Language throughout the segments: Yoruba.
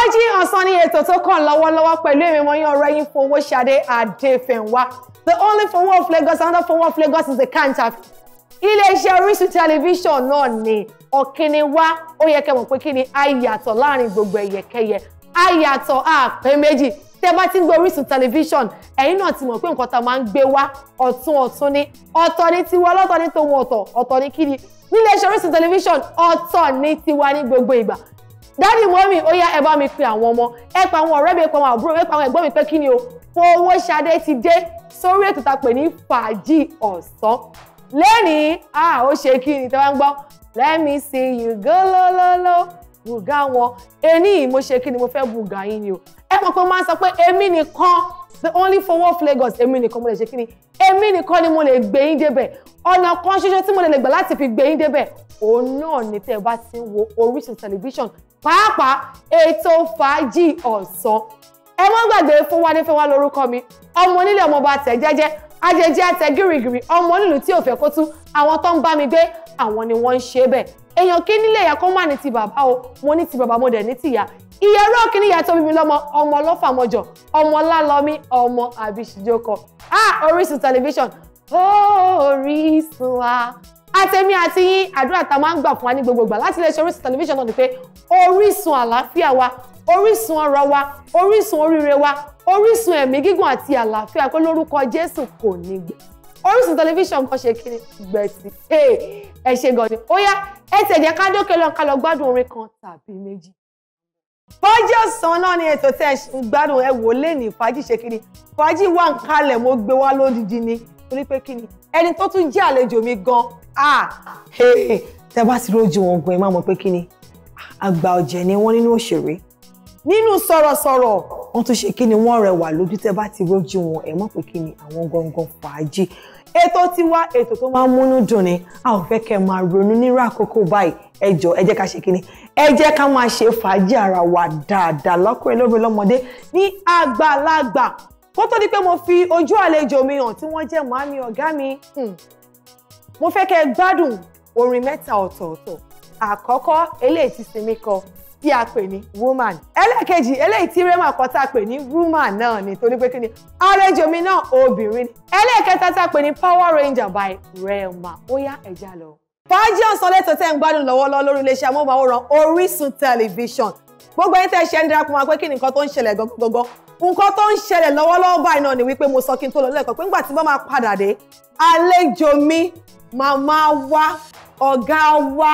Fàájì ọ̀sán ni ètò tó kàn lọ́wọ́lọ́wọ́ pẹ̀lú èmi mọ́ yín ọ̀rẹ́ yín Fowóṣadé Adéfẹ̀nwá. The only Fowó of Lagos, another Fowó of Lagos is the Kantaf. Ilé-iṣẹ́ Orísun tẹlifíṣàn náà ni ọ̀kíní wá ó yẹ kẹ́ mọ̀ pé kí ni àyàtọ̀ láàrin gbogbo ẹ̀yẹ̀kẹ́yẹ. Àyàtọ̀ àpẹ́ méjì tẹ́ bá ti ń gbé Orísun tẹlifíṣàn ẹ̀yin náà ti mọ̀ pé nǹkan tá a máa ń gbé wá ọ̀tún ọ̀tún ni ọ̀tọ̀ ni tiwa ọlọ́tọ̀ ni tòun ọ̀tọ̀ ọ̀tọ̀ ni kí ni nílé iṣẹ́ Orísun tẹlifíṣàn ọ̀tọ̀ ni tiwa ní gbogbo ìgbà dáàdì mọ́mì ó yá ẹ bá mi pe àwọn ọmọ ẹ pa àwọn ọ̀rẹ́ mi ẹ pa àwọn àbúrò mi ẹ pa àwọn ẹ̀gbọ́n mi pé kí ni o Fowóṣadé ti dé sórí ètò tá a pè ní fàájì ọ̀sán lẹ́nìí a ó ṣe kí ni tẹ́wọ́n gbọ́ let me see you go lọ́lọ́lọ́ bùgá wọn ẹni mo ṣe kí ni mo fẹ́ bùgá yín ni o ẹ mọ̀ pé mo máa ń sọ pé èmi nìkan the only for one Lagos èmi nìkan mo lè ṣe kí ni èmi nìkan ni mo lè gbé yín débẹ̀ ọ̀nà kan ṣoṣo tí mo lè gbà láti fi gbé yín débẹ̀ òun náà ni tẹ́ ẹ bá ti ń wo Orísun tẹlifíṣàn pàápàá ètò fàájì ọ̀sán ẹ mọ́ gbàgbé fún wa ní fẹ́ wá lórúkọ mi ọmọ onílé ọmọ bá tẹ̀ jẹ́jẹ́ ajẹjẹ àtẹ gírígírí ọmọ onílù tí ò fẹ́ kó tú àwọn tó ń bá mi gbé àwọn ni wọ́n ń ṣe bẹ́ẹ̀ èèyàn kí nílé ìyá kan wà ní ti bàbá o mo ní ti bàbá mo dẹ̀ ní tìyá ìyẹn rọ kí ni ìyá tó mímí lọ́mọ ọmọ ọlọ́fàmọjọ ọmọ lálọ́mí ọmọ àbíṣíjókọ ah Orísun tẹlifíṣàn Orísun wa àtẹ̀mí àti yín àdúrà tá a máa ń gbà fún wa ní gbogbo ìgbà láti iléeṣẹ́ Orísun tẹlifíṣàn náà ni pé orísun àlàáfíà wa orísun ọrọ̀ wa orísun oríire wa orísun ẹ̀mí gígùn àti àlàáfíà pé lórúkọ Jésù kò ní gbẹ Orísun tẹlifíṣàn kan ṣe kíni gbẹ̀sì ẹ ṣe gan ni ó yá ẹ tẹ̀jẹ̀ ká dókè lọ́n ká lọ gbádùn orin kan tàbí méjì fọ́jì ọ̀sán náà ni ètò tí ẹ ń gbádùn ẹ wò lé ní fàájì ṣe kiri fàájì wà ń kalẹ̀ mo gbé wá lódìdí ni torí pé kí ẹni tó tún jẹ́ àlejò mi gan ah tẹ bá ti rójú wọn gan ẹ má mọ̀ pé kí ni àgbà ọ̀jẹ̀ ni wọ́n nínú òṣèré nínú sọ̀rọ̀sọ̀rọ̀ wọ́n tún ṣe kí ni wọ́n rẹwà lójú tẹ bá ti rójú wọn ẹ mọ̀ pé kí àwọn gangan fàájì ètò tiwa ètò tó máa ń múnú dùn ni a ò fẹ́ kẹ́ máa ronú nírú àkókò báyìí ẹ jọ̀ọ́ ẹ jẹ́ ká ṣe kí ẹ jẹ́ ká máa ṣe fàájì ara wa dáadáa lọ́kùnrin lóbìnrin lọ́mọdé ní àgbàlagbà kó tó di pé mo fi ojú àlejò mi hàn tí wọ́n jẹ́ màámi ọ̀gá mi hmm. mo fẹ́ kẹ́ gbádùn orin mẹ́ta ọ̀tọ̀ọ̀tọ̀ àkọ́kọ́ eléyìí ti sinmi kọ tí a pè ní woman ẹlẹ́ẹ̀kejì eléyìí tí rema kọ tá a pè ní woman náà ni torí pé kí ni àlejò mi náà obìnrin ẹlẹ́ẹ̀kẹta tá a pè ní power ranger by rema ó yá ẹ̀já lọ fàájì ọ̀sán lẹ́tọ̀ tẹ́ ń gbádùn lọ́wọ́lọ́wọ́ lórí iléeṣẹ́ amóhùnmáwòrán Orísun tẹlifíṣàn gbogbo ẹni tẹ́ ṣe ń darapọ̀ máa pé kí ni nǹkan tó ń ṣẹlẹ̀ gọ́gọ́gọ́ nǹkan tó ń ṣẹlẹ̀ lọ́wọ́lọ́wọ́ báyìí náà ni wípé mo sọ kí n tó lọ lẹ́kọ̀ọ́ pé nígbà tí wọ́n máa padà dé àlejò mi màmá wa ọ̀gá wa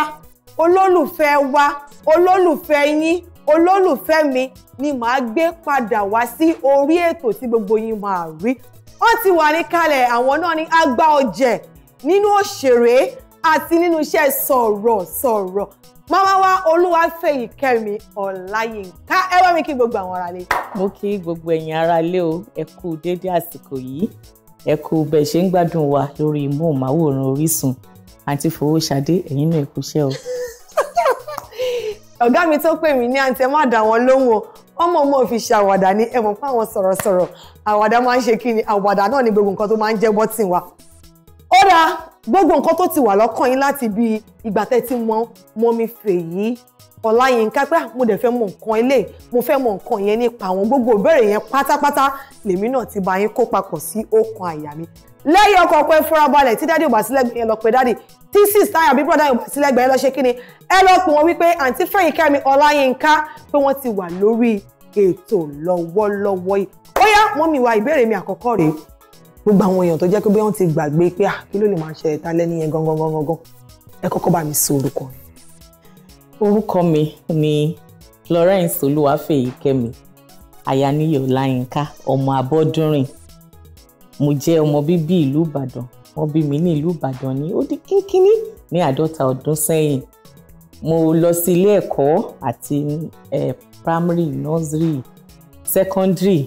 olólùfẹ́ wa olólùfẹ́ yín olólùfẹ́ mi ni màá gbé padà wá sí orí ètò tí gbogbo yín máa rí ó ti wà ní àwọn náà ní agbá ọ̀jẹ̀ nínú òṣèré àti nínú iṣẹ́ sọ̀rọ̀ sọ̀rọ̀ màmá wa olúwafẹ́yìkẹ́mi ọláyínká ẹ bá mi kí gbogbo àwọn aráalé. mo kí gbogbo ẹ̀yin aráalé o ẹ kú déédé àsìkò yìí ẹ kú ṣe ń gbádùn wa lórí móhùnmáwòrán orísun náà o. ọ̀gá mi tó pè mí ní àǹtí ẹ má dà wọ́n lóhùn o ọmọ ọmọ fi ṣe àwàdà ní àwọn sọ̀rọ̀sọ̀rọ̀ àwàdà máa ń ṣe gbogbo nǹkan tó ti wà lọ́kàn yín láti bí ìgbà tẹ́ ti mọ mọ́mí Fèyí Ọláyínká pé ah, mo dẹ̀ fẹ́ mọ nǹkan ilé mo fẹ́ mọ nǹkan yẹn nípa àwọn gbogbo ìbéèrè yẹn pátápátá lèmi náà ti bá yín kó papọ̀ sí ọkàn àyà mi lẹ́yìn ọkọ̀ pé fúrabalẹ̀ tí dádì ò bá sílẹ̀gbẹ̀ yẹn lọ pé dádì tí sísá àbí bọ́dà ò bá sílẹ̀gbẹ̀ yẹn lọ ṣe kíni ẹ lọ pè wọ́n wípé àǹtí Fẹ́yìkẹ́mi Ọláyínká pé wọ́n ti wà lórí ètò lọ́wọ́lọ́wọ́ yìí ó yá mọ́mí wa ìbéèrè mi àkọ́kọ́ rèé gbogbo àwọn èèyàn tó jẹ́ pé wọ́n ti gbàgbé pé à ah, kí ló lè máa ṣe ẹ̀ta lẹ́ni yẹn gangan gangan gan ẹ kọ́kọ́ bá mi sọ orúkọ rẹ̀. orúkọ mi ni Florence Olúwafẹ́yìkẹ́mi Àyàníyè Ọláyínká ọmọ Abọ́dúnrìn mo jẹ́ ọmọ bíbí ìlú Ìbàdàn wọ́n bí mi ní ìlú Ìbàdàn ní ó di kínkínní ní àádọ́ta ọdún sẹ́yìn mo lọ sí ilé ẹ̀kọ́ àti primary nursery secondary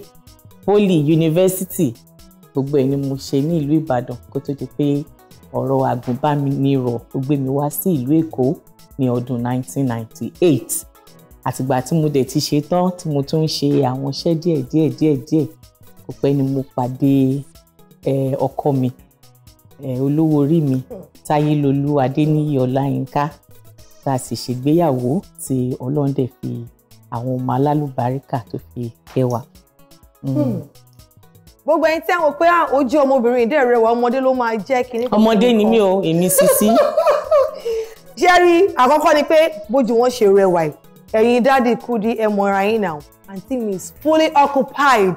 poly university gbogbo ẹ̀ ni mo ṣe ní ìlú Ìbàdàn kó tó di pé ọ̀rọ̀ àgùnbánirọ̀ tó gbé mi wá sí ìlú Èkó ní ọdún 1998 àtìgbà tí mo dẹ̀ ti ṣe tán tí mo tún ń ṣe àwọn iṣẹ́ díẹ̀ díẹ̀ díẹ̀ díẹ̀ kò pẹ́ ni mo pàdé ọkọ mi olówó orí mi Táyélolú Adéníyì Ọláyínká tá a sì ṣègbéyàwó tí Ọlọ́run dẹ̀ fi àwọn ọmọ alálùbáríkà tó fi kẹ́ gbogbo ẹni tí ẹ ń wò pé ah, ojú ọmọbìnrin ìdẹ́ rẹwà ọmọdé ló máa jẹ́ kínní. ọmọdé ni mí o èmi sisi. jerry àkọ́kọ́ ni pé bójú wọn ṣe rẹwà yìí ẹ̀yin dáàdi Kudi ẹ mọ̀ra yín náà àǹtí mi is fully occupied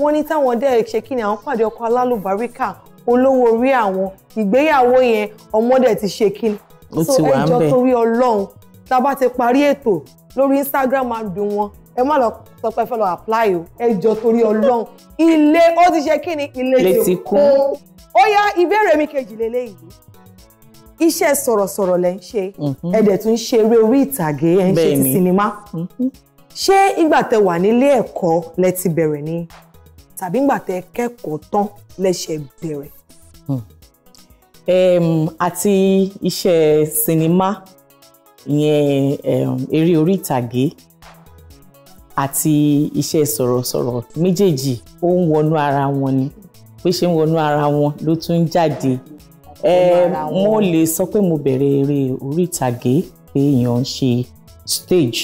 wọ́n ní táwọn dẹ́ ṣe kí ni àwọn pàdé ọkọ alálùbáríkà olówó orí àwọn ìgbéyàwó yẹn ọmọdé ti ṣe kí ni. ó ti wà ń bẹ̀ so ẹjọ́ torí Ọlọ́run tá a bá ti parí ètò lórí Instagram àdùn wọn ẹ má lọ sọ pé fẹ́ lọ apply o ẹ jọ torí ọlọ́run ilé ó ti ṣe kíni ilé ti kún ó yá ìbéèrè mi kejì lélẹ́yìí iṣẹ́ sọ̀rọ̀sọ̀rọ̀ lẹ́ ń ṣe mhm. ẹ dẹ̀ tún ṣe eré orí ìtàgé ẹ ń ṣe ti sinimá mhm. ṣé ìgbà tẹ wà nílé ẹ̀kọ́ lẹ ti bẹ̀rẹ̀ ni tàbí ìgbà tẹ kẹ́kọ̀ọ́ tán lẹ ṣe bẹ̀rẹ̀. Hmm. àti iṣẹ́ sinimá ìyẹn eré orí ìtàgé àti iṣẹ́ sọ̀rọ̀sọ̀rọ̀ méjèèjì ó ń wọnú ara wọn ni pé ṣe ń wọnú ara wọn ló tún ń jáde mo lè sọ pé mo bẹ̀rẹ̀ eré orí ìtàgé pé èèyàn ń ṣe stage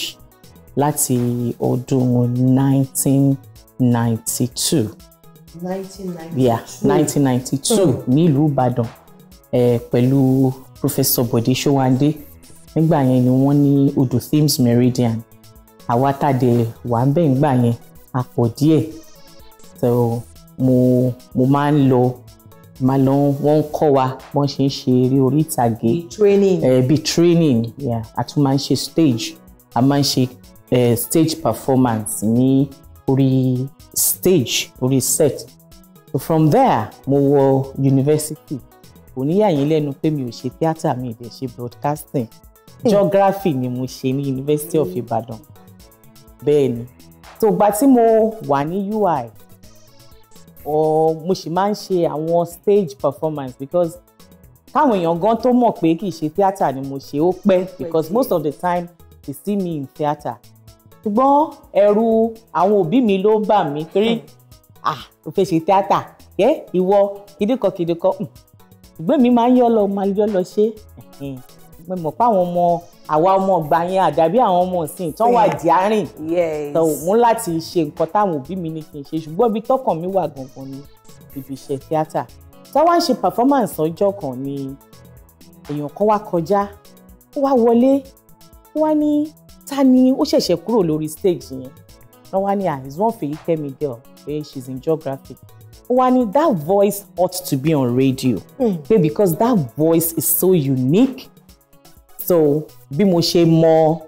láti ọdún 1992 1992 yeah 1992 hmm. nílùú Ìbàdàn pẹ̀lú Professor Bode Sowande nígbà yẹn ni wọ́n ní Odò Thames Meridian àwa tàdé wà ń bẹ̀ ń gbà yẹn a pọ̀ díẹ̀ so mo mo máa ń lọ máa lọ wọ́n ń kọ́ wa bọ́n ṣe ń ṣe eré orí ìtàgé bí training ẹ eh, bí training yeah. a tún máa ń ṣe stage a máa ń ṣe uh, stage performance ní orí stage orí set so from there mo wọ university oníyàyín lẹ́nu pé mi ò ṣe theatre mi ò dẹ̀ ṣe broadcasting hmm. geography ni mo ṣe ní University of Ibadan. Mm -hmm bẹ́ẹ̀ ni tó gba tí mo wà ní UI or mo sì máa ń ṣe àwọn stage performance because káwọn èèyàn gan tó mọ̀ pé kì í ṣe theatre ni mo ṣe ó pẹ́ because most of the time they see me in theatre ṣùgbọ́n ẹ̀rù àwọn òbí mi ló bà mí torí ah hmm. o fẹ́ ṣe theatre yẹ ìwọ kìdíkọ kìdíkọ hmm. ṣùgbọ́n mi máa ń yọ́ lọ máa yọ́ lọ ṣe mo mọ̀ pé àwọn ọmọ àwa ọmọ ọgbà yẹn àdàbí àwọn ọmọ ìsìn tán wà díárìn tó mú láti ṣe nǹkan táwọn òbí mi ní kí n ṣe ṣùgbọ́n ibi tọkàn mi wà gangan ni ibi iṣẹ́ tíátà táwa ń ṣe performance ọjọ́ kan ni èèyàn kan wá kọjá ó wá wọlé ó wá ní ta ni ó ṣẹ̀ṣẹ̀ kúrò lórí stage yẹn wọ́n wá ní àìsàn ah, fèyí kẹ́mi girl pé she's in geography ó wá ní that voice ought to be on radio mm. because that voice is so unique so bí mo ṣe mọ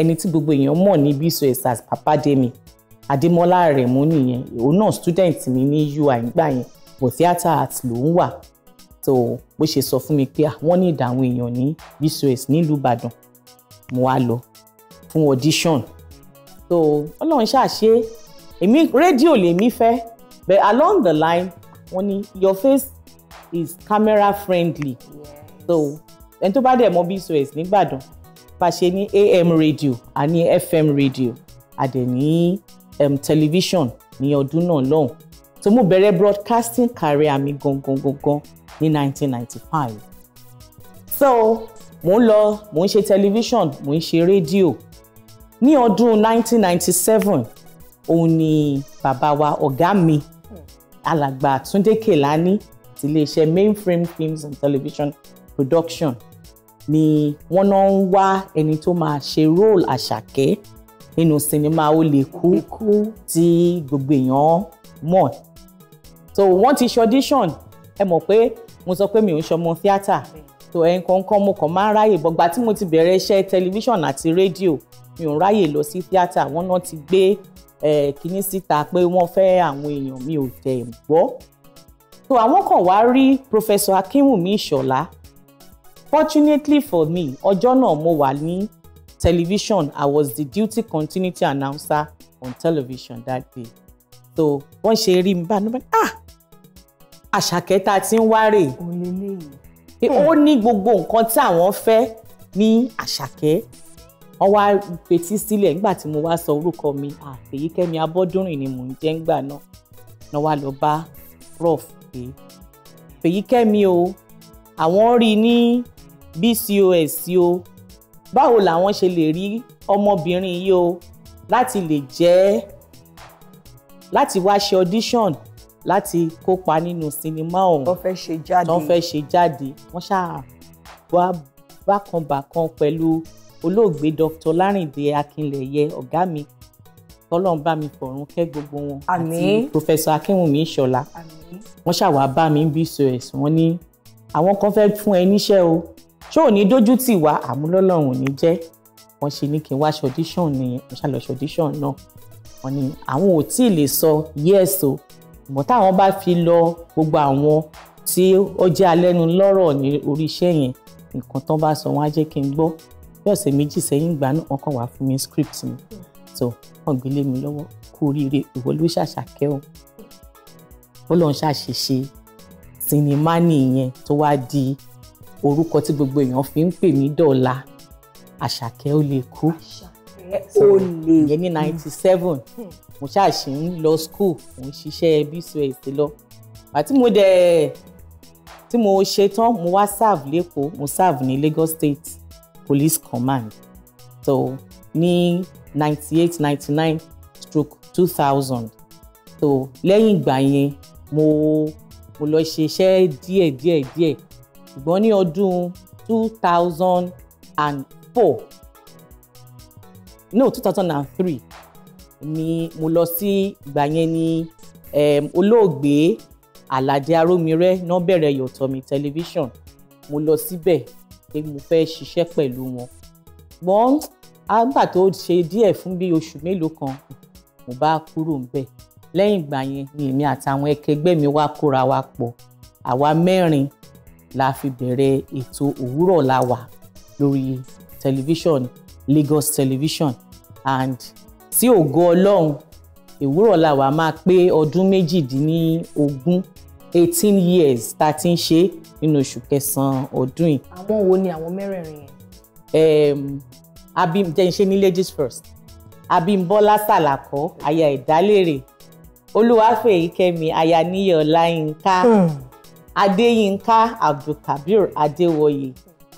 ẹni tí gbogbo èèyàn mọ̀ ní BCOS as Papa Demi Adémọ́lá Àrẹ̀mú nìyẹn òun náà student mi ní UI nígbà yẹn but theatre arts ló ń wà so bó ṣe sọ fún mi pé ah, wọ́n ní ìdáhùn èèyàn ní BCOS nílùú Ìbàdàn mo wá lọ fún audition so Ọlọ́run ṣàṣe èmi rédíò lèmi fẹ́ but along the line wọ́n ní your face is camera friendly yeah. so ẹni tó bá dẹ̀ mọ bcos nígbàdàn bá ní am radio a fm radio a dẹ̀ ní um, television ní ọdún náà lọ́hùn tó mú bẹ̀rẹ̀ broadcasting career mi gangan gangan ní 1995 so mò ń lọ mò ń ṣe television mò ń ṣe rédíò ní ọdún 1997 òun ni bàbá wa ọ̀gá mi alàgbà Túndé Kèlání ti iléeṣẹ́ mainframe films and television production ni wọ́n náà ń wá ẹni tó máa ṣe role àṣàkẹ́ nínú sinimá ó lè kú tí gbogbo èèyàn mọ̀ so wọ́n ti ṣe audition ẹ mọ̀ pé mo sọ pé mi ò ń ṣọmọ tíátà tó ẹ̀yìn kankan mo kàn máa ń ráyè gbọgbà tí mo ti bẹ̀rẹ̀ iṣẹ́ tẹlifíṣàn àti rédíò mi ò ráyè lọ sí tíátà wọ́n náà ti gbé kínní síta pé wọ́n fẹ́ àwọn èèyàn mi ò tẹ̀ gbọ́ so àwọn kan wá rí Professor Akínwùmí Ìṣọ̀lá fortunately for me ọjọ́ náà mo wà ní television i was the duty continuity announcer on television that day so wọ́n ṣe rí mi báyìí báyìí ah àṣàkẹ́ tá a ti ń wárè ó ní gbogbo nǹkan tí àwọn fẹ́ ní àṣàkẹ́ wọ́n wá fetí sílẹ̀ nígbà tí mo wá sọ orúkọ mi àfèyíkẹ́mi abọ́dúnrìn ni mò ń jẹ́ ńgbà náà náà wá lọ bá prof pé fèyíkẹ́mi o àwọn rí i ní BCOS o báwo làwọn ṣe lè rí ọmọbìnrin yìí o láti lè jẹ́ láti wá ṣe audition láti kópa nínú sinimá ọ̀hún tó fẹ́ ṣe jáde tó fẹ́ ṣe jáde wọ́n ṣáà wá bákanbàkan pẹ̀lú olóògbé Dr. Lárìndé Akínlẹ̀yẹ ọ̀gá mi tọ́lọ́n bá mi fọ̀run kẹ́ gbogbo wọn àti Professor Akínwùmí Ìṣọ̀lá wọ́n ṣàwá bá mi ń bí so ẹ̀sùn wọn ní àwọn kan fẹ́ fún ẹ níṣẹ́ o ṣó ò ní dójú tì wá àmúlọ́lọ́run ò ní jẹ́ wọ́n ṣe ní kí n wá ṣe audition nìyẹn mo ṣàlọ́ ṣe audition náà wọ́n ní àwọn ò tí ì lè sọ yes o mọ̀ táwọn bá fi lọ gbogbo àwọn tí ó jẹ́ alẹ́nu lọ́rọ̀ ní orí iṣẹ́ yẹn nǹkan tán bá sọ wọ́n á jẹ́ kí n gbọ́ bí ọ̀sẹ̀ méjì sẹ́yìn ìgbà náà wọ́n kàn wá fún mi script mi so wọ́n gbé lé mi lọ́wọ́ kú oríire ìwọ ló ṣàṣàkẹ́ o ó lọ́n ṣàṣìṣe sinimá nìyẹn tó wá di orúkọ tí gbogbo èèyàn fi ń pè mí dọ̀la àṣàkẹ́ ó lè kú ó lè yẹn ní ninety seven mo ṣáà ṣì ń lọ school mo ń ṣiṣẹ́ bcos lọ àti mo dẹ̀ tí mo ṣe mo wá serve lẹ́kọ̀ọ́ mo serve ní Lagos State Police Command so ní ninety eight ninety nine stroke two thousand so lẹ́yìn ìgbà yẹn mo mo lọ ṣe iṣẹ́ díẹ̀ díẹ̀ díẹ̀ ṣùgbọ́n ní ọdún two thousand and four no two thousand and three ni mo lọ sí ìgbà yẹn ní um, ehm, olóògbé Aládé Arómiré náà bẹ̀rẹ̀ Yọ̀tọ̀mí tẹlifíṣàn mo lọ síbẹ̀ pé mo fẹ́ ṣiṣẹ́ pẹ̀lú wọn ṣùgbọ́n àgbà tó ṣe díẹ̀ fún bí oṣù mélòó kan mo bá kúrò ńbẹ̀ lẹ́yìn ìgbà yẹn ni èmi àtàwọn ẹkẹgbẹ́ mi wá kóra wa pọ̀ àwa mẹ́rin la fi bẹ̀rẹ̀ ètò òwúrọ̀ la wà lórí tẹlifíṣàn Lagos television and sí ògo ọlọ́run òwúrọ̀ la wà máa pé ọdún méjìdínlógún eighteen years tá a ti ń ṣe nínú oṣù kẹsàn-án ọdún yìí. àwọn wo ni àwọn mẹ́rẹ̀ẹ̀rin yẹn. Um, abim jẹ́ ń ṣe ní ladies first Abímbọ́lá Sàlàkọ́ aya Ìdálérè Olúwafẹ́yìkẹ́mi aya Níyì Ọláyínká. Hmm Adeyinka abdulkabir adéwọyè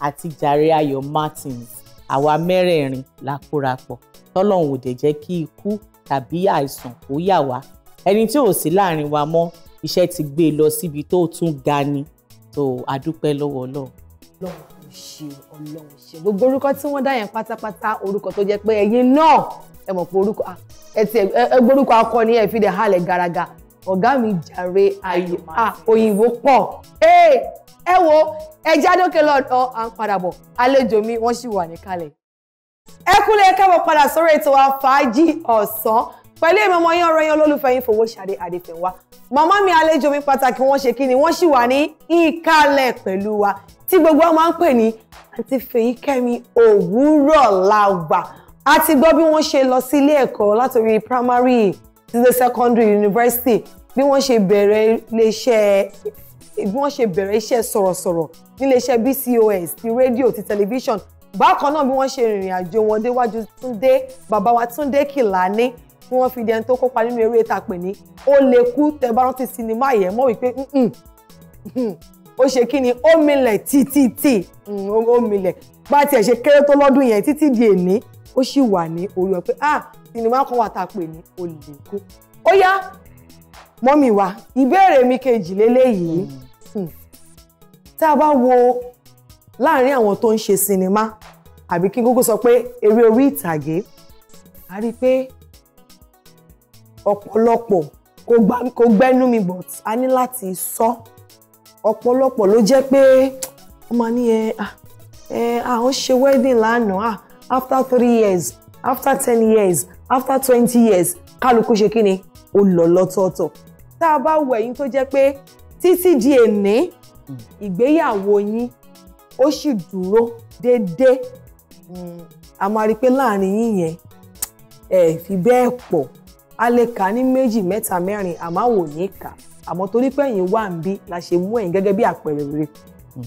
àti jàre ayọ̀ martins àwa mẹ́rẹ̀ẹ̀rin la kórapọ̀ tọ́lọ́hún ò dẹ̀ jẹ́ kí ikú tàbí àìsàn kó yà wá ẹni tí ò sí láàrin wa mọ́ iṣẹ́ ti gbé e lọ síbi tó tún ga ni tó adúpẹ́ lọ́wọ́ ọlọ́run. lọ́wọ́ ṣe ọlọ́run ṣe gbogbo orúkọ tí wọ́n dá yẹn pátápátá orúkọ tó jẹ́ pé ẹ̀yin náà ẹ mọ̀ pé orúkọ ẹ ti ẹ gbórúkọ akọni ẹ fi dẹ̀ halẹ̀ garaga ọ̀gá mi jàre ayò ah, òyìnbó pọ̀ ẹ wo ẹ jádókè lọ́dọ̀ à ń padà bọ̀ àlejò mi wọ́n sì wà níkàlẹ̀. ẹ kúlẹ̀ káàbọ̀ padà sórí ètò wa fàájì ọ̀sán pẹ̀lú èmi ọmọ yín ọ̀rọ̀ yín olólùfẹ́ yín Fowóṣadé Adéfẹ́nwá màmá mi àlejò mi pàtàkì wọ́n ṣe kí ni wọ́n sì wà ní ìkàlẹ̀ pẹ̀lú wa tí gbogbo wa máa ń pè ní àǹtí Fèyíkẹ́mi Òwúrọ̀láwà a ti gbọ́ bí wọ́n ṣe lọ sí ilé ẹ̀kọ́ látòrí primary títí secondary university bí wọ́n ṣe bẹ̀rẹ̀ iléeṣẹ́ bí wọ́n ṣe bẹ̀rẹ̀ iṣẹ́ sọ̀rọ̀sọ̀rọ̀ níléeṣẹ́ BCOS ti rédíò ti tẹlifíṣàn bákan náà bí wọ́n ṣe rìnrìn àjò wọn déwájú Túndé bàbá wa Túndé Kìlání tí wọ́n fi di ẹni tó kópa nínú eré tá a pè ní ó lè kú tẹ́ bá rántí sinimá yẹn mọ̀ wípé ó ṣe kí ni ó milẹ̀ títí mm, ó milẹ̀ bá tiẹ̀ ṣe kéré tó lọ́dún yẹn títí di èní ó sì wà ní orí ọ̀pẹ ah sinimá kan wà tá a pè ní olè ó yá mọ́mì wa ìbéèrè mi kejì léléyìí hmm. tá a bá wo láàárín àwọn tó ń ṣe sinimá àbí kí n kúkú sọ pé eré orí ìtàgé a rí i pé ọ̀pọ̀lọpọ̀ kò gbẹ́nu mi but a ní láti sọ ọ̀pọ̀lọpọ̀ ló jẹ́ pé wọ́n ní ẹ ẹ àwọn ṣe wedding lánàá after three years after ten years after twenty years kálukú ṣe kí ni ó lọ lọ́tọ̀ọ̀tọ̀ tá a bá wo ẹ̀yin tó jẹ́ pé títí di èní ìgbéyàwó yín ó sì dúró déédéé hmm, a máa rí i pé láàrin yín yẹn ẹ fi bẹ́ẹ̀ pọ̀ a lè kà á ní méjì mẹ́ta mẹ́rin àmọ́ àwọn ní kà àmọ́ torí pé ẹ̀yin wà ń bí la ṣe mú ẹ̀yin gẹ́gẹ́ bí àpẹẹrẹ rere hmm.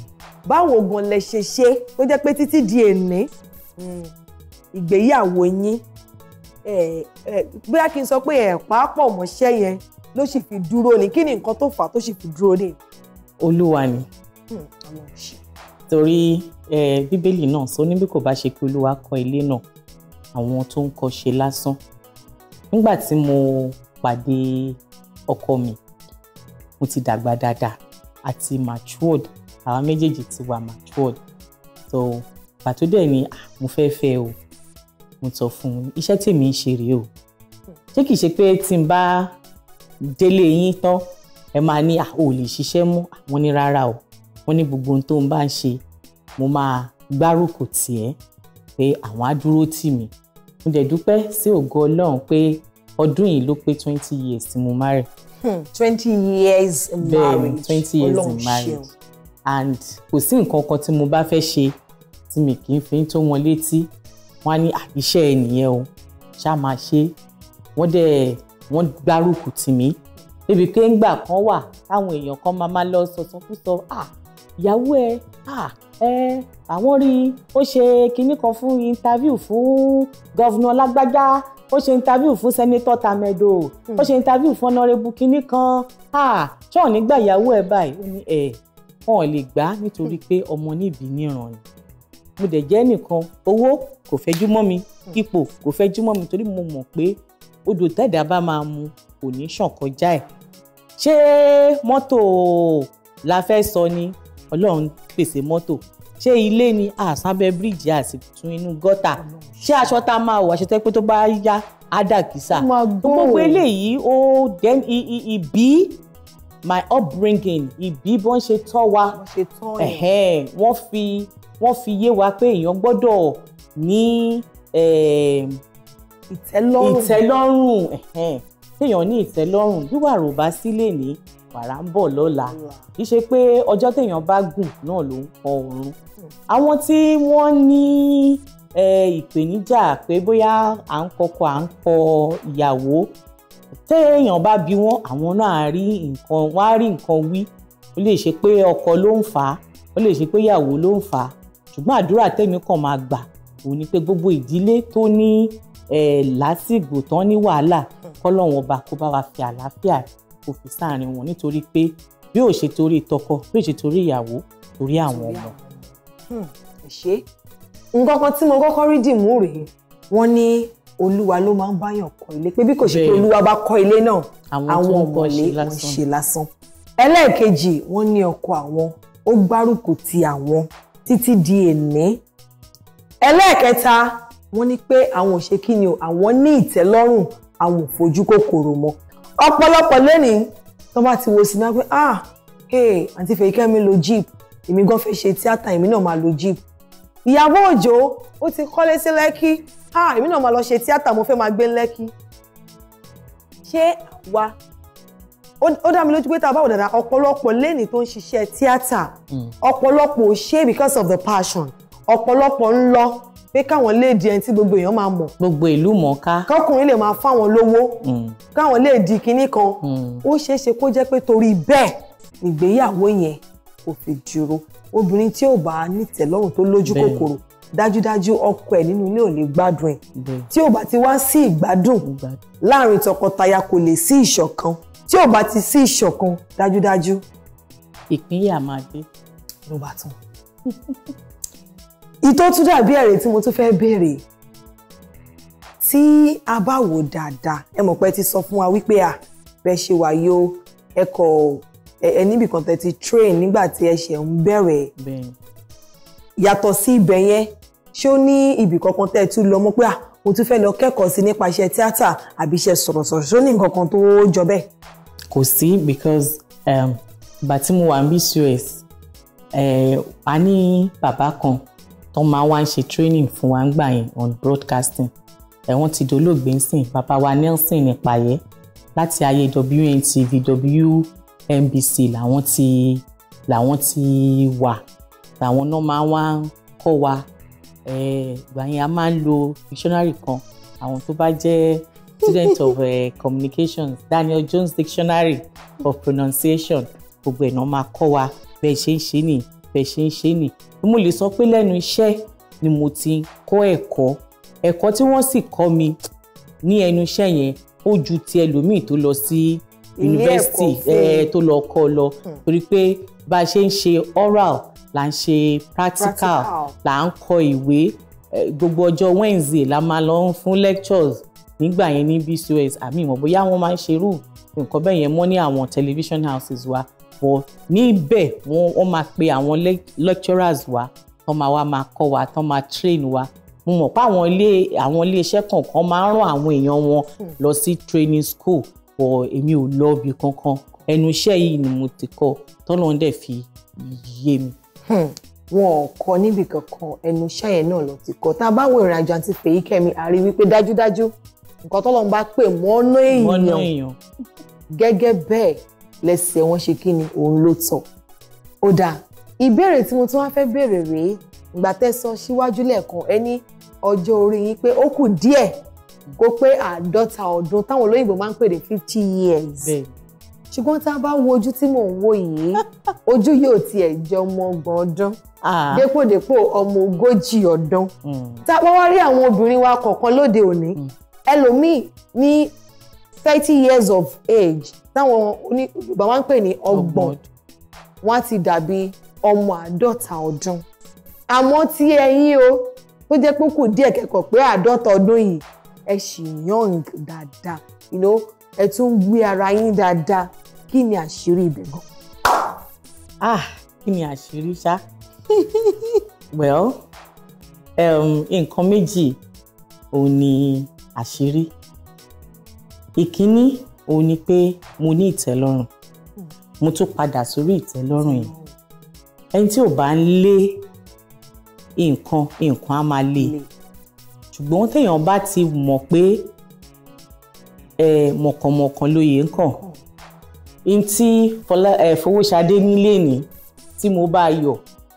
báwo gan lẹ ṣe ṣe tó jẹ́ pé títí di èní hmm, ìgbéyàwó yín bóyá kí n sọ pé ẹ̀pá pọ̀ mọ́ṣẹ́ yẹn ló sì fi dúró ni kí ni nǹkan tó fà á tó sì fi dúró ni. olúwa ni hmm, torí bíbélì náà sọ ní bí kò bá ṣe pé olúwa kọ́ ilé náà àwọn tó ń kọ́ ṣe lásán nígbà tí mo pàdé ọkọ mi mo ti dàgbà dáadáa àti matured àwa méjèèjì ti wà matured so pàtó dẹ̀ ni ah, mo fẹ́ fẹ́ o mo sọ fún un iṣẹ́ tèmi ń ṣe rèé o ṣé kìí ṣe pé tí n bá délé yín tán ẹ máa ní ò lè ṣiṣẹ́ mú àwọn ní rárá o wọ́n ní gbogbo ohun tó ń bá ń ṣe mo máa gbárùkù tì ẹ́ pé àwọn á dúró tì mí mo dẹ̀ dúpẹ́ sí ògo Ọlọ́run pé ọdún yìí ló pé twenty years tí mo marry. twenty years marriage bẹ́ẹ̀ni hmm, twenty years in marriage and kò sí nǹkan kan tí mo bá fẹ́ ṣe tí mi kì í fi ń tó wọn létí wọ́n á ní iṣẹ́ ẹ nìyẹn o ṣá máa ṣe wọ́n dẹ̀ wọ́n gbárùkù tì mí débi pé ńgbà kan wà táwọn èèyàn kan máa máa lọ sọsọ kú sọ à ìyàwó ẹ à ẹ àwọn rí i ó ṣe kinní kan fún interview fún gọ́vnà lágbájá ó ṣe interview fún sẹ́nitọ́ tamẹ́dò ó ṣe interview fún ọ̀nàrẹ́bù kinní kan à ṣọ́ọ̀ nígbà ìyàwó ẹ báyìí ó ní ẹ̀ wọ́n lè gbà nítorí pé ọmọ níbi níran ni mo dẹ̀ jẹ́ nìkan owó kò fẹjú mọ́ mi ipò kò fẹjú mọ́ mi torí mo mọ̀ pé odò tẹ́dá bá máa mu kò ní ṣàn kọjá ẹ̀ ṣé mọ́tò la fẹ́ sọ ni ọlọ́run pèsè mọ́tò ṣé ilé ni àsábẹ́ bíríìjì àsìtún inú gọ́tà ṣé aṣọ tá a máa wọ aṣọ pé tó bá yá ádàkísà gbogbo eléyìí ó then ìbí my upbringing ìbí bọ́n ṣe tọ́ wa wọ́n fi wọ́n fi yé wa pé èèyàn gbọ́dọ̀ ní eh, ìtẹ́lọ́rùn ìtẹ́lọ́rùn téèyàn ní ìtẹ́lọ́rùn bí wàrà ò bá sílé ní wàrà ń bọ̀ lọ́la kì í ṣe pé ọjọ́ téèyàn bá gùn náà ló ń kọ ọ̀run hmm. àwọn tí wọ́n ní eh, ìpèníjà pé bóyá à ń kọkọ à ń kọ ìyàwó téèyàn bá bí wọn àwọn náà rí nǹkan wá rí nǹkan wí ó lè ṣe pé ọkọ ló ń fà á ó lè ṣe pé ìyàwó ló ń fà á ṣùgbọ́n àdúrà tèmi kàn máa gbà òun ni pé gbogbo ìdílé tó ní lásìgbò tán ní wàhálà kọ́lọ́run ọba kó bá wa fi àlàáfíà kó fi sáàrin wọn nítorí pé bí ò ṣe torí tọkọ bí ò ṣe torí ìyàwó torí àwọn ọmọ. Hmm. ṣé nǹkan kan tí mo kọ́kọ́ rí dìmú rèé wọ́n ní olúwa ló máa ń báyàn kọ́ ilé pé bí kò ṣe pé olúwa bá kọ́ ilé náà àwọn ọmọlé wọn ṣe lásán ẹlẹ́ẹ̀kejì wọ́n ní ọkọ àwọn ó gbárùkù ti àwọn títí di èní ẹlẹ́ẹ̀kẹta wọ́n ní pé àwọn ò ṣe kí ni o àwọn ní ìtẹ́lọ́rùn àwọn ò fojú kòkòrò mọ́ ọ̀pọ̀lọpọ̀ lẹ́nìí tó bá ti wo sinimá pé ah hey àǹtí Fèyíkẹ́mi lo jeep èmi gan fẹ́ ṣe tíátà èmi náà máa lo jeep Ìyábọ̀ Òjó ó ti kọ́lé sí Lẹ́kí ah èmi náà máa lọ ṣe tíátà mo fẹ́ máa gbé Lẹ́kí ṣé àwa ó dá mi lójú pé tá a bá wò dáadáa ọ̀pọ̀lọpọ̀ lẹ́ni tó ń ṣiṣẹ́ tíátà hmm. ọ̀pọ̀lọpọ̀ ò ṣe because of the passion ọ̀pọ̀lọpọ̀ ń lọ pé káwọn lè di ẹni tí gbogbo èèyàn máa mọ̀. gbogbo ìlú mọ̀ ká. kọkùnrin lè máa fáwọn lówó hmm. káwọn lè di kinní kan hmm. ó ṣeé ṣe kó jẹ́ pé torí bẹ́ẹ̀ ìgbéyàwó yẹn kò fi dúró obìnrin tí ò bá nítẹ̀lọ́rùn tó lójú kòkòrò dájúdájú ọkọ ẹ̀ nínú ilé ò ní gbádùn ẹ̀ tí ò bá ti wá sí ìgbádùn láàrin tọkọtaya kò lè sí ìṣọ̀kan tí ò bá ti sí ìṣọ̀kan dájúdájú. ìpínyà máa dé. ló bá tán. ìtó dàbí ẹ̀rẹ̀ tí mo tún fẹ́ béèrè tí a bá wò dáadáa ẹ mọ̀ pé ti sọ fún wa wípé à bẹ́ẹ̀ ṣe wà yó ẹ kọ̀ ẹ níbìkan tẹ ti train nígbà tí ẹ ṣẹ̀ ń bẹ̀rẹ̀ yàtọ̀ sí ibẹ̀ yẹn ṣé ó ní ibì kankan tẹ́ ẹ tún lọ mọ́ pé à mo tún fẹ́ lọ kẹ́kọ̀ọ́ sí nípa iṣẹ́ tíátà àbí iṣẹ́ sọ̀rọ̀sọ̀rọ̀ ṣó ní nǹkan kan tó jọ bẹ́ẹ̀ kò sí because um, bàtí mo wà ní us eh, a ní bàbá kan tó máa wá ń ṣe training fún wa gbà yẹn on broadcasting ẹ̀ eh, wọ́n ti dolóògbé ń sìn bàbá wa Nelson Nípayé láti ayé WNTV WNBC làwọn ti làwọn ti wà làwọn náà máa wá kọ́ wa eh, ìgbà yẹn a máa ń lo dictionary kan àwọn tó bá jẹ́ student of uh, communications Daniel Jones dictionary of pronunciation gbogbo ẹ̀ náà máa kọ́ wa bẹ́ẹ̀ ṣe ń ṣe nìyí bẹ́ẹ̀ ṣe ń ṣe nìyí mo lè sọ pé lẹ́nu iṣẹ́ ni mo ti kọ́ ẹ̀kọ́ ẹ̀kọ́ tí wọ́n sì kọ́ mi ní ẹnu iṣẹ́ yẹn ó ju ti ẹlòmíì tó lọ sí yunifásitì eh, tó lọ kọ́ lọ hmm. torí pé bá a ṣe ń ṣe oral là ń ṣe practical là ń kọ ìwé eh, gbogbo ọjọ́ Wednesday la máa lọ ń fún lectures nígbà yẹn ní BCOS àmì ìmọ̀ bóyá wọ́n máa ń ṣerú nǹkan bẹ́ẹ̀ yẹn mọ́ ní àwọn television houses wa but níbẹ̀ wọ́n máa pe àwọn lecturers wa tán máa wá máa kọ́ wa tán máa train wa mo mọ̀ pé àwọn ilé àwọn ilé iṣẹ́ kọ̀ọ̀kan máa ń rán àwọn èèyàn wọn hmm. lọ sí training school but èmi ò lọ ibì kankan ẹnu iṣẹ́ yìí ni mo ti kọ́ tọ́lọ́n dẹ̀ fi yé mi. Hmm. wọn ò kọ níbì kankan ẹnu iṣẹ́ yẹn náà lọ ti kọ́ tá a bá wo ìrìnàjò àti Fèyíkẹ́mi a rí wípé dájúdájú nǹkan tọ́lọ́run bá pè mọ́nú èèyàn gẹ́gẹ́ bẹ́ẹ̀ lẹ́sẹ̀ wọn ṣe kí ni òun ló tọ́ ó dáa ìbéèrè tí mo tún wá fẹ́ béèrè rèé ìgbà tẹ́sán síwájú lẹ́ẹ̀kan ẹni ọjọ́ orí yín pé ó kù díẹ̀ kó pé àádọ́ta ọdún táwọn olóyìnbó máa ń pè ní fifty years ṣùgbọ́n tá a bá wo ojú tí mò ń wò yìí ojú yóò tiẹ̀ jẹ́ ọmọ ọgbọ̀n ọdún dépòdépò ọmọ ogójì ọdún hmm. tá a bá wá rí àwọn obìnrin wa kọ̀ọ̀kan lóde òní hmm ẹlòmíì ní thirty years of age táwọn oní Yorùbá máa ń pè ní ọgbọ̀n wọ́n ti dàbí ọmọ àádọ́ta ọdún àmọ́ tí ẹ̀yin o tó jẹ́ pé kù díẹ̀ kẹ́kọ̀ọ́ pé àádọ́ta ọdún yìí ẹ ṣì young dáadáa you know ẹ tún gbé ara yín dáadáa kí ni àṣírí ibẹ̀ gan. ah kí ni àṣírí ṣá well um, nǹkan méjì òun ni àṣírí ìkíní òun ni pé mo ní ìtẹ́lọ́rùn mo tún padà sórí ìtẹ́lọ́rùn yìí ẹni tí ò bá ń lé nǹkan nǹkan á máa le ṣùgbọ́n téèyàn bá ti mọ̀ pé ẹ mọ̀kànmọ̀kàn lóye ń kàn n tí Fowóṣadé nílé ní tí mo bá yọ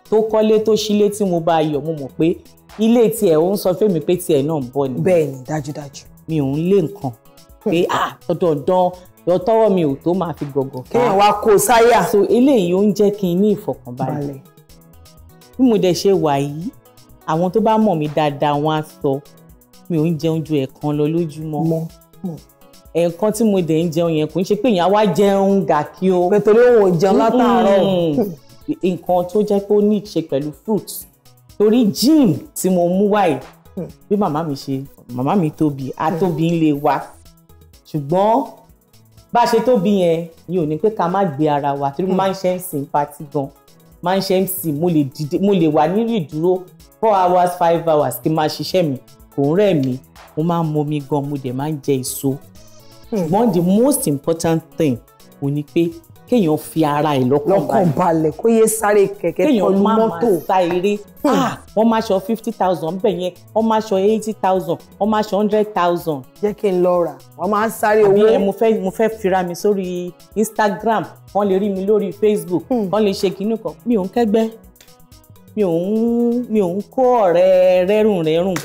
tó kọ́lé tó sílé tí mo bá yọ mo mọ̀ pé ilé tiẹ̀ ó ń sọ fẹ́mi pé tiẹ̀ náà ń bọ̀ ni. bẹ́ẹ̀ ni dájúdájú. mi ò ń lé nǹkan pé hmm. ah dandan ọtọwọ mi ò tó máa fi gọ̀gọ̀ ká. kéèyàn wá kó sáyà. so eléyìí ó ń jẹ́ kí n ní ìfọ̀kànbalẹ̀. bí mo dẹ̀ ṣe wà yìí àwọn tó bá mọ̀ mí dáadáa wọn á sọ mi ò ń jẹun ju ẹ̀ẹ̀kan lọ lójúmọ́. mọ́ ẹ̀ẹ̀kan tí mo dẹ̀ ń jẹun yẹn kò ń ṣe pé èèyàn wá jẹun gàkí o. pẹ̀tọ́lẹ́ òun ò jẹun látàárọ̀. Hmm. nǹkan tó jẹ́ pé ó ní ìṣe pẹ̀lú fruits torí gin tí mo mú wáyé hmm. bí màmá mi ṣe màmá mi tóbi a hmm. tóbi ń lè wa ṣùgbọ́n bá a ṣe tóbi yẹn ni ò ní pé ká má gbé ara wa torí mo hmm. máa ń ṣe MC pati gan máa ń ṣe MC mo mo lè wà nírì dúró four hours five hours kí n máa ṣiṣẹ́ mi kò ń rẹ̀ mí mo máa ń momi gan mo dẹ̀ máa ń jẹ èso ṣùgbọ́n the most important thing ò ní pé kéèyàn fi ara ẹ̀ lọ́kàn balẹ̀ kó yé sáré kẹ̀kẹ́ kọlu mọ́tò kéèyàn má máa sa eré hmm. ah wọ́n máa ṣọ fifty thousand bẹ́ẹ̀ yẹn wọ́n máa ṣọ eighty thousand wọ́n máa ṣọ hundred thousand. jẹ́ kí n lọ rà wọ́n máa ń sáré owó. àbí mo fẹ́ mo fẹ́ fira mi sórí Instagram wọ́n lè rí mi lórí Facebook hmm. wọ́n lè ṣe kinní kan mi ò ń kẹ́gbẹ́ mi ò ń mi ò ń kó ọ̀rẹ́ rẹ́rùn rẹ́rùn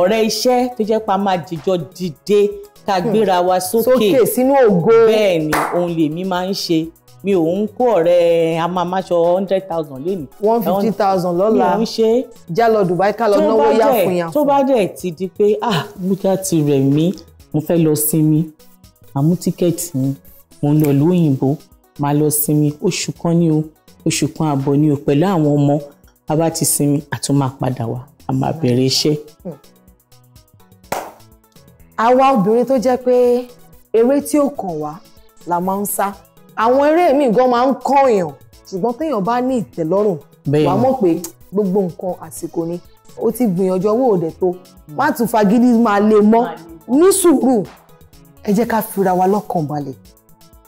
ọ̀rẹ́ iṣẹ́ tó jẹ́ pa máa jìjọ dìde ká gbéra wa sókè hmm. sínú ògo bẹ́ẹ̀ ni òun lèmi máa ń ṣe mi ò ń kó ọ̀rẹ́ amámáṣọ hundred thousand lénìí. one fifty thousand lọ́la mi ò ń ṣe. já lọ Dubai ká lọ náwó yá fún yàn. tó bá dẹ̀ ti di pé ah bùkà ti rẹ̀ mí mo fẹ́ lọ sinmi àmú tíkẹ́ẹ̀tì mi mo ń lọ lóyìnbó máa lọ sinmi oṣù kan ní o oṣù kan àbọ̀ ní o pẹ̀lú àwọn ọmọ a bá ti sinmi a tún máa padà wá a máa bẹ̀rẹ̀ iṣẹ́ hmm àwa obìnrin tó jẹ́ pé eré tí ó kàn wá la máa ń sá àwọn eré míì gan máa ń kọ́ èèyàn ṣùgbọ́n téèyàn bá ní ìtẹ̀lọ́rùn wàá mọ̀ pé gbogbo nǹkan àsìkò ni ó ti gbìyànjú owó òde tó má tún fagídí máa lè mọ́ ní sùúrù ẹ jẹ́ ká fira wa lọ́kàn balẹ̀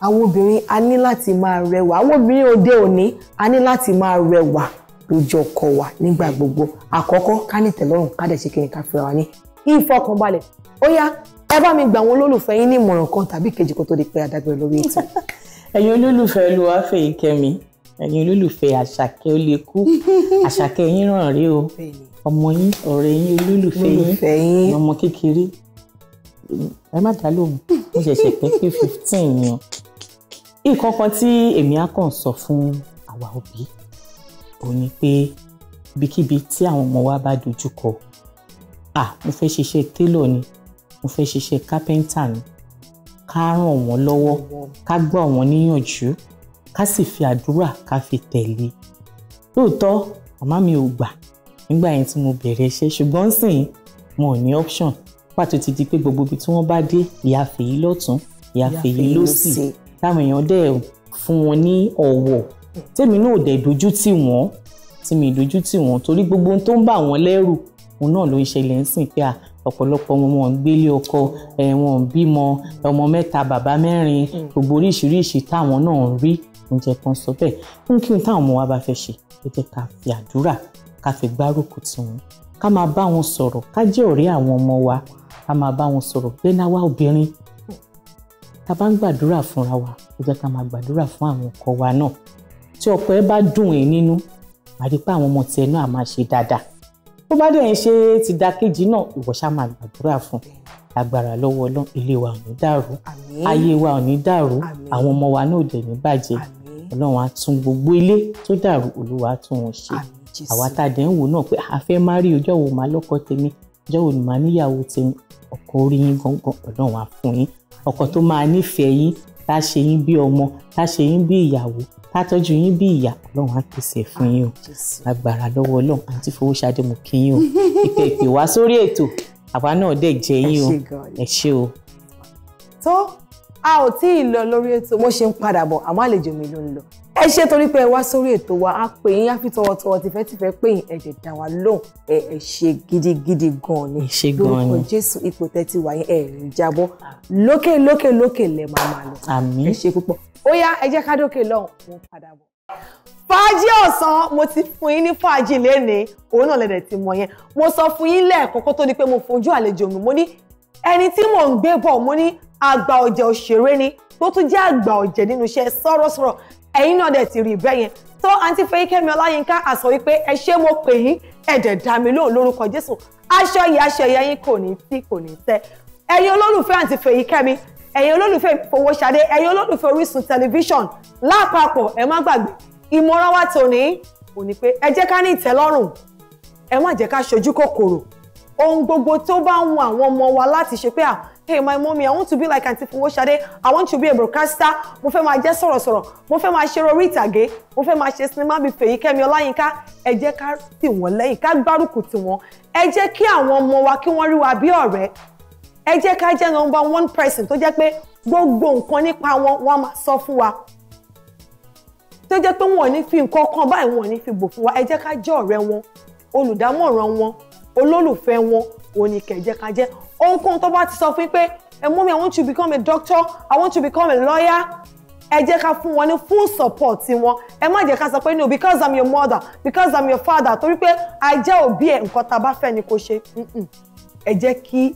àwọn obìnrin a ní láti máa rẹwà àwọn obìnrin òde òní a ní láti máa rẹwà lójú ọkọ wa nígbà gbogbo àkọ́kọ́ ká ní ìtẹ̀lọ́rùn ká dẹ̀ ṣe kí ni ká fira wa ní ìfọkànbalẹ̀ ó yá ẹ bá mi gbà wọn olólùfẹ́ yín ní ìmọ̀ràn kan tàbí kejì kó tó di pé adágbé lórí ètò. ẹ̀yin olólùfẹ́ olúwàfẹ́ ìkẹ́mi ẹ̀yin olólùfẹ́ àṣàkẹ́ ó lè kú àṣàkẹ́ yín ràn rí o ọmọ yín ọ̀rẹ́ yín olólùfẹ́ yín ọmọ kékeré ẹ má dá lóhùn mo ṣẹ̀ṣẹ̀ pé pé fifteen yẹn nǹkan kan tí èmi á kàn sọ fún àwa òbí òun ni pé ibikíbi tí àwọn ọmọ wa bá dojú kọ ah mo fẹ́ ṣiṣẹ́ télọ̀ ni mo fẹ́ ṣiṣẹ́ kápẹ́ńtà ni ká ràn wọ́n lọ́wọ́ ká gbà wọ́n níyànjú ká sì fi àdúrà ká fi tẹ̀lé lóòótọ́ màmá mi ò gbà nígbà yẹn tí mo bẹ̀rẹ̀ iṣẹ́ ṣùgbọ́n sìn mo ò ní option pàtó ti di pé gbogbo ibi tí wọ́n bá dé ìyá fèyí lọ́tún ìyá fèyí lọ́sì táwọn èèyàn dẹ̀ fún wọn ní ọ̀wọ̀ tèmi náà dẹ̀ dojú tì wọ́n tí dojú tì wọ́n torí gbogbo ohun tó ń bà wọ́n lẹ́rù òun náà ló ń ṣẹlẹ̀ ń sìn pé à ọ̀pọ̀lọpọ̀ wọn wọn ń gbélé ọkọ wọn ń bímọ ọmọ mẹ́ta bàbá mẹ́rin mm. gbogbo oríṣiríṣi táwọn náà ń rí oúnjẹ kan sọ bẹ́ẹ̀ fún kí n táwọn ọmọ wa bá fẹ́ ṣe ẹ jẹ́ ká fi àdúrà ká fi gbárùkù tì wọ́n ká máa bá wọn sọ̀rọ̀ ká jẹ́ ọ̀rẹ́ àwọn ọmọ wa ká máa bá wọn sọ̀rọ̀ bẹ́ẹ̀ wá obìnrin ká bá ń gbàdúrà fúnra wa ẹ jẹ́ ká máa gbàdúrà fún àwọn ọkọ wa náà tí ọkọ ẹ bá dùn ẹ nínú àdìpá àwọn ọmọ tiẹ̀ náà máa ṣe dáadáa bó bá dẹ̀ ń ṣe tìdákejì náà ìwọ̀ṣà máa gbàdúrà fún agbára lọ́wọ́ ọlọ́run ilé wa ò ní dàrú ayé wa ò ní dàrú àwọn ọmọ wa náà dẹ̀ ní bàjẹ́ ọlọ́run á tún gbogbo ilé tó dàrú olúwa á tún wọn ṣe àwa tá a dẹ̀ ń wò náà pé a fẹ́ má rí ọjọ́ wo màá tèmi ọjọ́ wo níyàwó tèmi ọkọ orí yín gangan ọlọ́run á fún yín ọkọ tó máa nífẹ̀ẹ́ yín tá yín bí ọmọ tá yín bí ìyàwó látọ́jú yín bí ìyá ọlọ́run á pèsè fún yín o agbára ah, lọ́wọ́ ọlọ́run àǹtí Fowóṣadé mo kí yín o ìpè ìpè wá sórí ètò àwa náà dẹ̀ jẹ́ yín o ẹ ṣé o. tó a ò tí ì lọ lórí ètò bó ṣe ń padà bọ̀ àmọ́ àlejò mi ló ń lọ. ẹ ṣe torí pé ẹ wá sórí ètò wa a pè yín àfi tọwọ́tọwọ́ tìfẹ́tìfẹ́ pé yín ẹ̀jẹ̀ dá wa lóhùn ẹ ẹ ṣe gidigidi gan ni lórúkọ jésù ipò tẹ́tí wà yín ẹ ẹ jábọ́ lókè lókè lókè lẹ máa máa lọ. àmín ẹ ṣe púpọ̀ ó yá ẹ jẹ́ ká dókè lọ́hùn mo padà bọ̀ fàájì ọ̀sán mo ti fún yín ní fàájì lénìí òun náà lẹ́dẹ̀ ti mọ̀ yẹn mo sọ fún yín lẹ́ẹ̀kọ́kọ́ tó di pé mo fojú àlejò mi mo ní ẹni tí àgbà ọ̀jẹ̀ òṣèré ni tó tún jẹ́ àgbà ọ̀jẹ̀ nínú iṣẹ́ sọ̀rọ̀sọ̀rọ̀ ẹ̀yin náà dẹ̀ ti rí bẹ́ẹ̀ yẹn tó àǹtí Fẹ́yìkẹ́mi Ọláyínká àsọ wípé ẹ ṣé mo pè yín ẹ̀dẹ̀ dá mi lóhùn lórúkọ Jésù aṣọ yìí aṣọ yìí ẹ̀yin kò ní tí kò ní tẹ́ ẹ̀yin olólùfẹ́ àǹtí Fẹ́yìkẹ́mi ẹ̀yin olólùfẹ́ Fowóṣadé ẹ̀yin olólùfẹ́ Orísun tẹlifíṣọ̀n lápapọ̀ ẹ má gbàgbé ìmọ̀ràn wa tòní kò ní pé ẹ jẹ́ ká ní ìtẹ́lọ́rùn ẹ má jẹ́ ká ṣojú kòkòrò ohun gbogbo tó bá ń wọn àwọn ọmọ wa láti ṣe pé à hey my mommy i want to be like aunty fowosade i want to be a broadcaster mo fẹ́ máa jẹ́ sọ̀rọ̀sọ̀rọ̀ mo fẹ́ máa ṣe orí ìtàgé mo fẹ́ máa ṣe sinimá bíi fèyíkẹ́mi ọláyínká ẹ jẹ́ ká tì wọ́n lẹ́yìn ká gbárùkù tì wọ́n ẹ jẹ́ kí àwọn ọmọ wa kí wọ́n rí wa bí ọ̀rẹ́ ẹ jẹ́ ká jẹ́ number one person tó jẹ́ pé gbogbo nǹkan nípa wọn wọ́n máa sọ fún wa tó jẹ́ pé wọn ò ní fi nǹkan kan báyìí wọn ò ní fi bò fún wa ẹ jẹ́ ká jẹ́ ọ̀rẹ́ wọn olùdámọ̀ràn wọn olólùfẹ́ wọn òun ni ohunkóhun tó bá ti sọ fún pé ẹ mú mi i want to become a doctor i want to become a lawyer ẹ jẹ́ ká fún wọn ní full support wọn ẹ má jẹ́ ká sọ pé no because i'm your mother because i'm your father torí pé a jẹ́ òbí ẹ̀ nǹkan tá a bá fẹ́ ni kò ṣe ẹ jẹ́ kí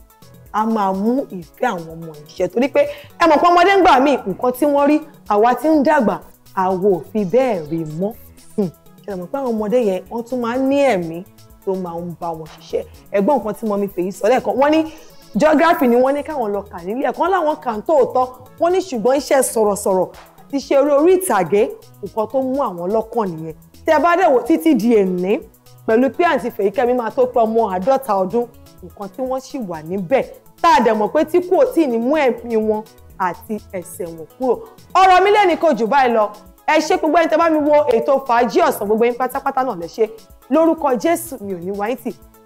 a máa mú ìfẹ́ àwọn ọmọ ìṣẹ́ torí pé ẹ mọ̀ pé ọmọdé ń gbà mí nǹkan tí wọ́n rí àwa tí ń dàgbà àwo ò bẹ́ẹ̀ rí mọ́ hmm. ẹ mọ̀ pé àwọn ọmọdé yẹn wọ́n tún máa ń ní ẹ̀mí tó máa ń bá wọn ṣiṣẹ́ ẹ̀gbọ́n nǹkan tí mọ́mí fèyí sọ lẹ́ẹ̀kan wọ́n ní geography ni wọ́n ní káwọn lọ kà nílé ẹ̀kọ́ láwọn kà ń tóòtọ́ wọ́n ní ṣùgbọ́n iṣẹ́ sọ̀rọ̀sọ̀rọ̀ ti ṣe eré orí ìtàgé nǹkan tó mú àwọn lọ́kàn nìyẹn tẹ́ bá dẹ̀ wò títí di èní pẹ̀lú pé àǹtí Fèyíkẹ́mi máa tó pé ọmọ àádọ́ta ọdún nǹkan tí wọ́n sì wà níbẹ̀ tá a dẹ̀ mọ̀ pé tí kú ò tí ì ní mú ẹ̀mí wọn àti ẹ̀sẹ̀ wọn kúrò ọ̀rọ̀ mi lẹ́ni kò jù báyìí lọ ẹ ṣe gbogbo ẹni tẹ́ bá mi wo ètò fàájì ọ̀sán gbogbo yín pátápátá náà lẹ ṣe lórúkọ Jésù mi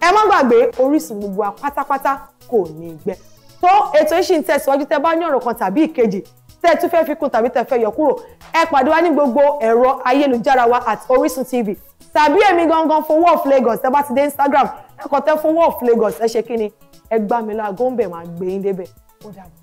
ẹ má gbàgbé Orísun gbogbo wa pátápátá kò ní gbẹ tó ètò yìí ṣì ń tẹ̀síwájú tẹ́ bá ní ọ̀rọ̀ kan tàbí ìkejì tẹ́ tún fẹ́ fi kún tàbí tẹ́ fẹ́ yọ kúrò ẹ pàdé wa ní gbogbo ẹ̀rọ ayélujára wa at Orísun TV tàbí èmi gangan fowó of Lagos tẹ́ bá ti dé Instagram ẹ kàn tẹ́ fowó of Lagos ẹ ṣe kí ni ẹ gbá mi máa gbé yín débẹ̀ ó dàbọ̀.